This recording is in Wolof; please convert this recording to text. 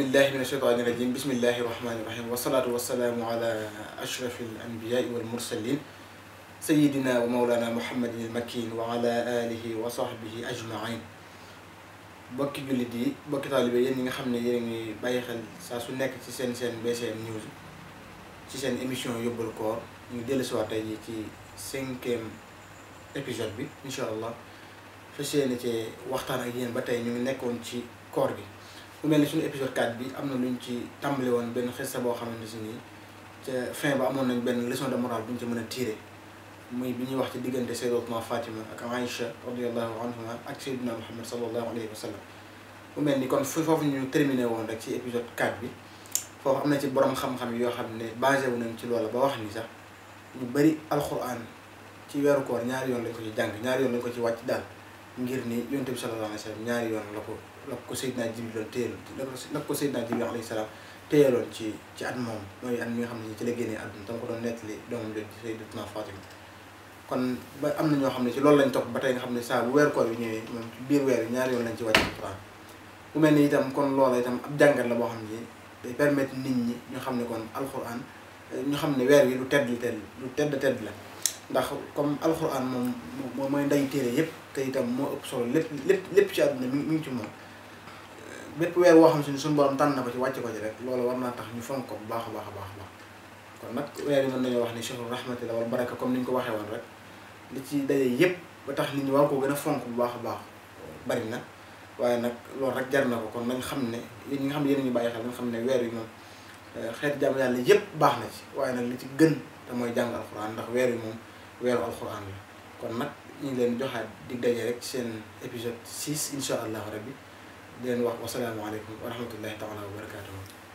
بالله من الشيطان الرجيم بسم الله الرحمن الرحيم والصلاة والسلام على أشرف الأنبياء والمرسلين سيدنا ومولانا محمد المكين وعلى آله وصحبه أجمعين بك جلدي بك طالبي يني خمنا يني بايخل ساسو نيك سي سين سين بي سين نيوز سي سين ايميشن يوبل كور ني ديل سوا تاي تي سينكيم ابيزود بي ان شاء الله فسيني تي وقتنا ايين باتاي ني نيكون تي كور بي lu mel ni suñu épisode 4 bi am na luñ ci tàmbali woon benn xista boo xamante si nii ca fin ba amoon nañ benn leçon de morale bu ñu ci mën a tiré muy bi ñuy wax ci diggante sayyidatuna Fatima ak Aïcha radiyallahu anhuma ak sayyidina Muhammad sallallahu alayhi wa sallam mu mel ni kon fu foofu ñu terminé woon rek ci épisode 4 bi foofu am na ci borom xam-xam yoo xam ne basé wu nañ ci loola ba wax ni sax ñu bëri alquran ci weeru koor ñaari yoon lañ ko ci jàng ñaari yoon lañ ko ci wàcc daal ngir ni yonent bi sallallahu alayhi wa ñaari yoon la ko la ko Seydina Jibril doon téyeloon la ko Seydina Jibril ci at moom mooy at mi nga xam ne ci la génnee àdduna tam ko doon nettali doomam kon ba am na ñoo xam ne ci loolu lañ topp ba tey nga xam ne saa bu weer koor bi ñëwee moom biir weer bi ñaari yoon lañ ci wàcc Alxuraan bu mel ni itam kon loola itam ab jàngat la boo xam ne day permettre nit ñi ñu xam ne kon Alxuraan ñu xam ne weer wi lu tedd tedd lu tedd tedd la ndax comme alxuraan moom moom mooy nday téere yëpp te itam moo ëpp solo lépp lépp lépp ci àdduna mi ngi ci moom bépp weer woo xam si ne suñu borom tànn na ko ci wàcc ko ci rek loolu war naa tax ñu fonk ko bu baax a baax a baax a baax kon nag weer yi mën nañoo wax ni chahru rahmati la wal li ci daje yëpp ba tax nit ñi war koo gën a fonk bu baax a baax bari na waaye nag loolu rek jar na ko kon nañ xam ne yéen ñi nga xam ne yéen ñu bàyyi xel nga xam ne weer yi moom eh, xeet jàmm yàlla yëpp baax na ci waaye nag li ci gën te mooy jàng alxuraan ndax weer yi moom ويروا القران كون نك ني لين جوخات دي داجي ريك سين ابيزود 6 ان شاء الله ربي دين واخ والسلام عليكم ورحمه الله تعالى وبركاته